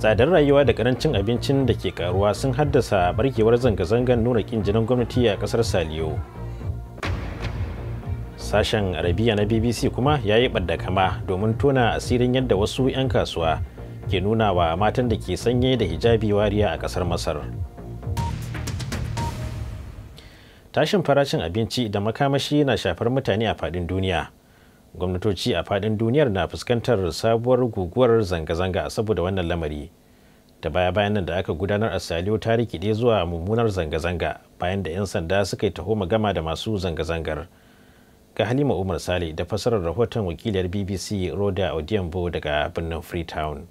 tsadar rayuwa da karancin abincin da ke karuwa sun haddasa barkewar zanga zangan nuna kin jinin gwamnati a kasar saliyo sashen arabiya na bbc kuma ya yi kama domin tona asirin yadda wasu 'yan kasuwa ke nuna wa matan da ke sanye da hijabi wariya a kasar masar tashin farashin abinci da makamashi na shafar mutane a faɗin duniya gwamnatoci a faɗin duniyar na fuskantar sabuwar guguwar zanga-zanga saboda wannan lamari da baya bayan da aka gudanar a saliyo ta rikide zuwa mummunar zanga-zanga bayan da 'yan sanda suka yi taho gama da masu zanga-zangar ga halima umar sale da fasarar rahoton wakiliyar bbc roda odiyambo daga birnin freetown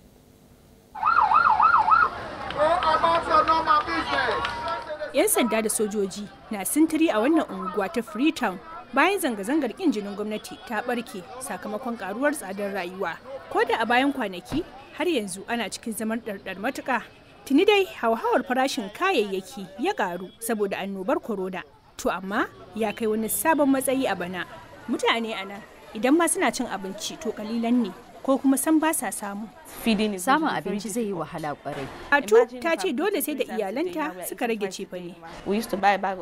yan sanda da sojoji na sintiri a wannan unguwa ta freetown bayan zanga-zangar ƙin jinin gwamnati ta ɓarke sakamakon karuwar tsadar rayuwa ko da a bayan kwanaki har yanzu ana cikin zaman ɗarɗar matuƙa tuni dai hauhawar farashin kayayyaki ya ƙaru saboda annobar korona. to amma ya kai wani sabon matsayi a bana mutane a nan idan ma suna cin abinci to kalilan ne ko kuma san ba sa samu. Samun abinci zai yi wahala kwarai. Atu ta ce dole sai da iyalanta suka rage cefane.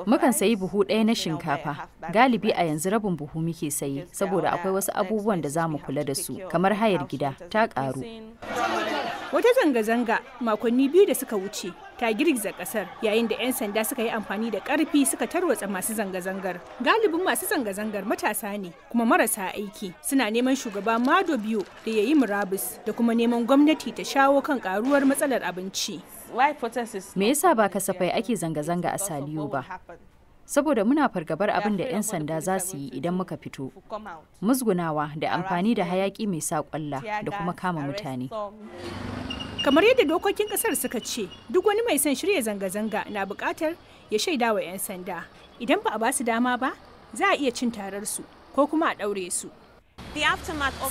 Mukan sayi buhu ɗaya na shinkafa. Galibi a yanzu rabin buhu muke sayi saboda akwai wasu abubuwan da za mu kula da su kamar hayar gida ta ƙaru. Wata zanga-zanga makonni biyu da suka wuce ta girgiza kasar yayin da 'yan sanda suka yi amfani da karfi suka tarwatsa masu zanga-zangar galibin masu zanga-zangar matasa ne kuma marasa aiki suna neman shugaba mado biyu da ya yi murabus da kuma neman gwamnati ta shawo kan karuwar matsalar abinci me yasa ba kasafai ake zanga-zanga a saliyo ba saboda muna fargabar abin da 'yan sanda za su yi idan muka fito musgunawa da amfani da hayaki mai saƙwalla da kuma kama mutane kamar yadda dokokin kasar suka ce duk wani mai son shirya zanga-zanga na bukatar ya shaida wa 'yan sanda idan ba a ba su dama ba za a iya cin tararsu ko kuma a ɗaure su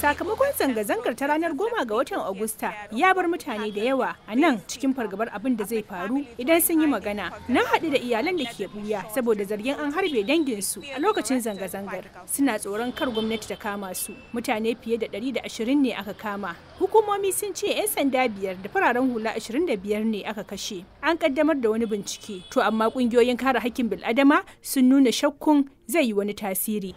Sakamakon zanga-zangar ta ranar goma ga watan Agusta ya bar mutane da yawa a nan cikin fargabar abin da zai faru idan sun yi magana. Na haɗu da iyalan da ke buya saboda zargin an harbe danginsu a lokacin zanga-zangar. Suna tsoron kar gwamnati ta kama su. Mutane fiye da 120 ne aka kama. Hukumomi sun ce 'yan sanda biyar da fararen hula 25 ne aka kashe. An kaddamar da wani bincike. To amma ƙungiyoyin kare hakkin bil'adama sun nuna shakkun zai yi wani tasiri.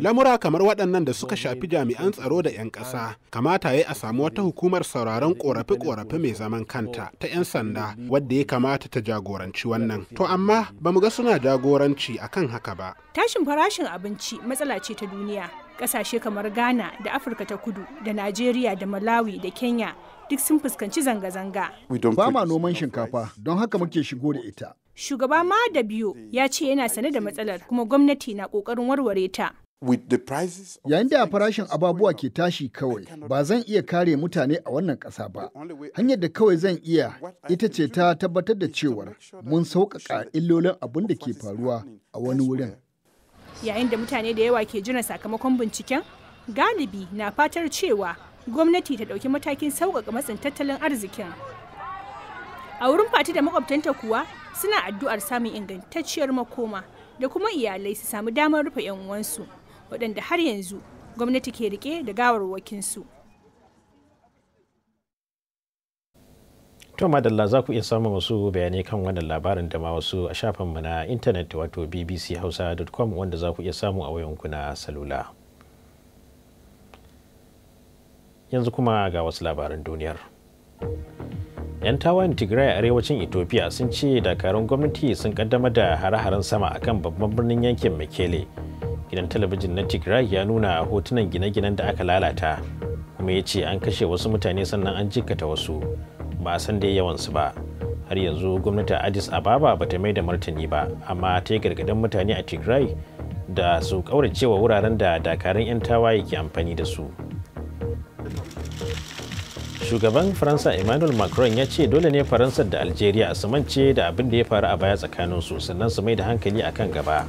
Lamura kamar waɗannan da suka shafi jami'an tsaro da 'yan ƙasa kamata ya a samu wata hukumar sauraron ƙorafe-ƙorafe mai zaman kanta ta 'yan sanda wadda ya kamata ta jagoranci wannan. To amma ba mu ga suna jagoranci akan haka ba. Tashin farashin abinci matsala ce ta duniya. Ƙasashe kamar Ghana da Afirka ta Kudu da Najeriya da Malawi da Kenya duk sun fuskanci zanga-zanga. Ba ma noman shinkafa don haka muke shigo da ita. Shugaba biyu ya ce yana sane da matsalar kuma gwamnati na ƙoƙarin warware ta. Yayin da farashin ababuwa ke tashi kawai, ba zan iya kare mutane a wannan ƙasa ba. Hanyar da kawai zan iya ita ce ta tabbatar da cewar mun sauƙaƙa illolin abin da ke faruwa a wani wurin. Yayin da mutane da yawa ke jiran sakamakon binciken, galibi na fatar cewa gwamnati ta ɗauki matakin sauƙaƙa matsin tattalin arzikin. a wurin fati da makwabtanta kuwa suna addu'ar samun ingantacciyar makoma da kuma iyalai su samu damar rufe 'yan uwansu waɗanda har yanzu gwamnati ke rike da gawarwakinsu. To madalla za ku iya samun wasu bayanai kan wannan labarin da ma wasu a mu na intanet wato bbchausa.com wanda za ku iya samu a wayanku na salula. Yanzu kuma ga wasu labaran duniyar. 'yan tawayen tigray a arewacin ethiopia sun ce dakarun gwamnati sun kaddamar da hare-haren sama akan babban birnin yankin mekele gidan talabijin na tigray ya nuna hotunan gine-ginen da aka lalata kuma ya ce an kashe wasu mutane sannan an jikkata wasu ba a san da su ba har yanzu gwamnatin addis ababa ba ta mai da martani ba amma ta yi gargadin mutane a tigray da su kauracewa wuraren da dakarun 'yan tawaye ke amfani da su. shugaban faransa emmanuel macron ya ce dole ne faransa da algeria su mance da abin da ya faru a baya tsakanin su sannan su mai da hankali a kan gaba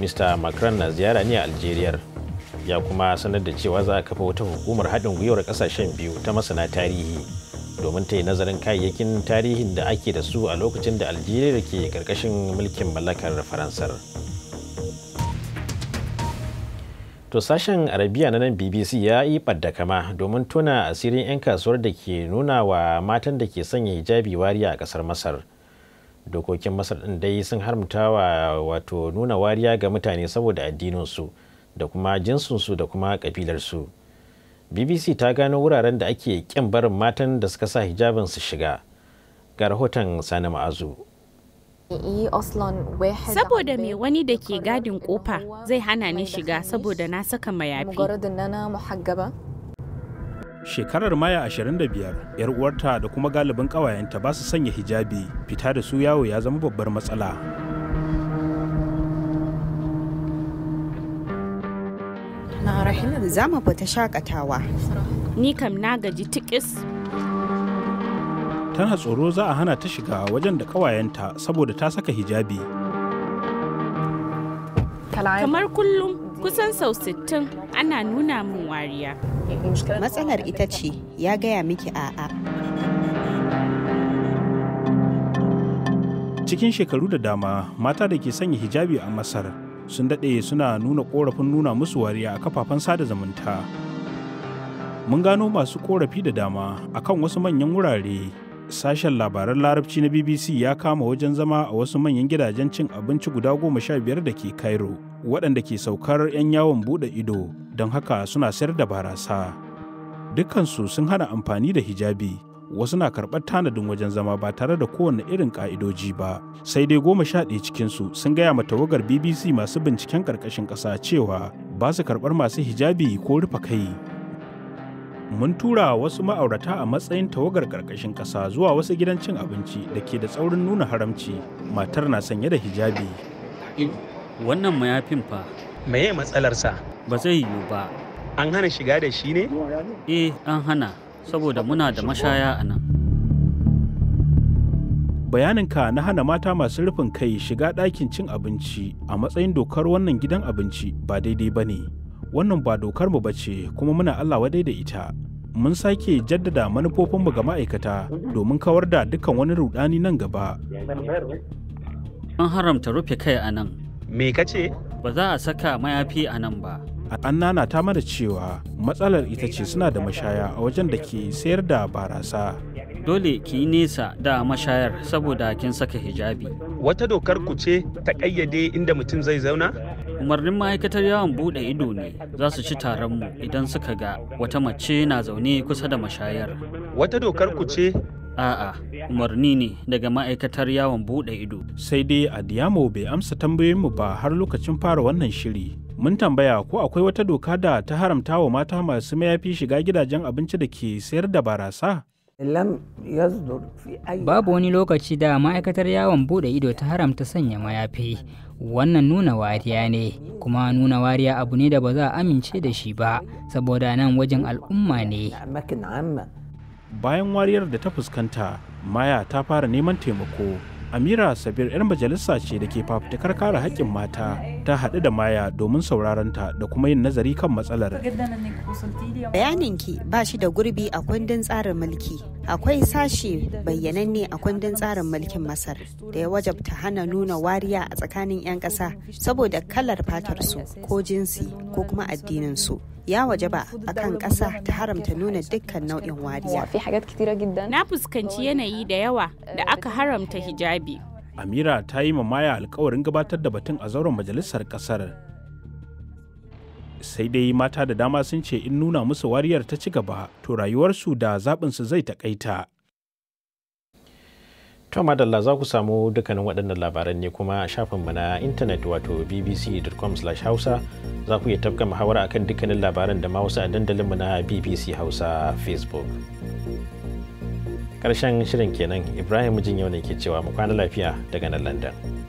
mr macron na ziyara ne a algeria ya kuma sanar da cewa za a kafa wata hukumar haɗin gwiwar ƙasashen biyu ta masana tarihi domin ta yi nazarin kayayyakin tarihin da ake da su a lokacin da algeria ke ƙarƙashin mulkin mallakar faransar. to sashen arabiya na nan bbc ya yi ɓadda kama domin tuna asirin 'yan kasuwar da ke nuna wa matan da ke sanya hijabi wariya a ƙasar masar dokokin masar ɗin dai sun haramta wa wato nuna wariya ga mutane saboda addininsu da kuma jinsinsu da kuma ƙabilarsu bbc ta gano wuraren da ake ƙin barin matan da suka sa hijabin su shiga ga rahoton sani ma'azu saboda mai wani da ke gadin kofa zai hana ni shiga saboda na saka mayafi shekarar maya 25 yar uwarta da kuma galibin ƙawayenta ba su sanya hijabi fita da su yawo ya zama babbar matsala zama ba fita shakatawa ni kam na gaji tikis tana tsoro za a hana ta shiga wajen da kawayenta, saboda ta saka hijabi kamar kullum kusan sau sittin, ana nuna min wariya matsalar ita ce ya gaya miki a'a cikin shekaru da dama mata da ke sanya hijabi a masar sun daɗe suna nuna ƙorafin nuna musu wariya a kafafen sada zumunta mun gano masu ƙorafi da dama akan wasu manyan wurare sashen labaran larabci na BBC ya kama wajen zama a wasu manyan gidajen cin abinci guda goma sha biyar da ke Cairo, waɗanda ke saukar 'yan yawon buɗe ido don haka suna sayar da barasa. Dukkansu sun hana amfani da hijabi, wasu na karɓar tanadin wajen zama ba tare da kowane irin ƙa'idoji ba, sai dai goma sha ɗaya cikinsu sun gaya ma tawagar BBC masu binciken ƙarƙashin ƙasa cewa ba su karɓar masu hijabi ko rufe kai. mun tura wasu ma'aurata a matsayin tawagar ƙarƙashin ƙasa zuwa wasu gidan cin abinci da ke da tsaurin nuna haramci matar na sanye da hijabi. Wannan mayafin fa. Meye matsalarsa? Ba zai yiwu ba. An hana shiga da shi ne? Eh, an hana, saboda muna da mashaya a nan. Bayanin ka na hana mata masu rufin kai shiga ɗakin cin abinci a matsayin dokar wannan gidan abinci ba daidai ba ne. wannan ba dokar mu bace kuma muna Allah wadai da ita mun sake jaddada manufofin mu ga ma'aikata domin kawar da dukkan wani rudani nan gaba an haramta rufe kai a nan me kace ba za a saka mayafi a nan ba an nana ta mana cewa matsalar ita ce suna da mashaya a wajen da ke sayar da barasa dole ki yi nesa da mashayar saboda kin saka hijabi. Wata dokar ku ce ta ƙayyade inda mutum zai zauna? umarnin ma'aikatar yawon bude ido ne za su ci taron mu idan suka ga wata mace na zaune kusa da mashayar wata dokar ku ce A'a, umarni ne daga ma'aikatar yawon bude ido. Sai dai Adiyamo bai amsa tambayoyinmu ba har lokacin fara wannan shiri. Mun tambaya ko akwai wata doka da ta haramta wa mata masu mayafi shiga gidajen abinci da ke sayar da barasa? Babu wani lokaci da ma'aikatar yawon bude ido ta haramta sanya mayafi. Wannan nuna wariya ne, kuma nuna wariya abu ne da ba za a amince da shi ba, saboda nan wajen al'umma ne. Bayan wariyar da ta fuskanta, Maya ta fara neman taimako. Amira Sabir 'yar majalisa ce da ke fafutukar kare haƙƙin mata. ta haɗu da Maya domin sauraron ta da kuma yin nazari kan matsalar. Bayaninki ba shi da gurbi a kundin tsarin mulki. Akwai sashe bayyananne a kundin tsarin mulkin Masar da ya wajabta hana nuna wariya a tsakanin 'yan ƙasa saboda kalar fatarsu ko jinsi ko kuma addininsu. ya wajaba a kan ƙasa ta haramta nuna dukkan nau'in wariya. Na fuskanci yanayi da yawa da aka haramta hijabi. amira ta yi mamaya alkawarin gabatar da batun a zauren majalisar ƙasar sai dai mata da dama sun ce in nuna musu wariyar ta ci gaba to rayuwarsu da zaɓinsu zai takaita to madalla za ku samu dukkanin waɗannan labaran ne kuma a shafinmu na intanet wato bbc.com hausa za ku iya tafka muhawara akan dukkanin labaran da ma wasu a dandalinmu na bbc hausa facebook karshen shirin kenan ibrahim jin yau ne ke cewa mu kwana lafiya daga nan london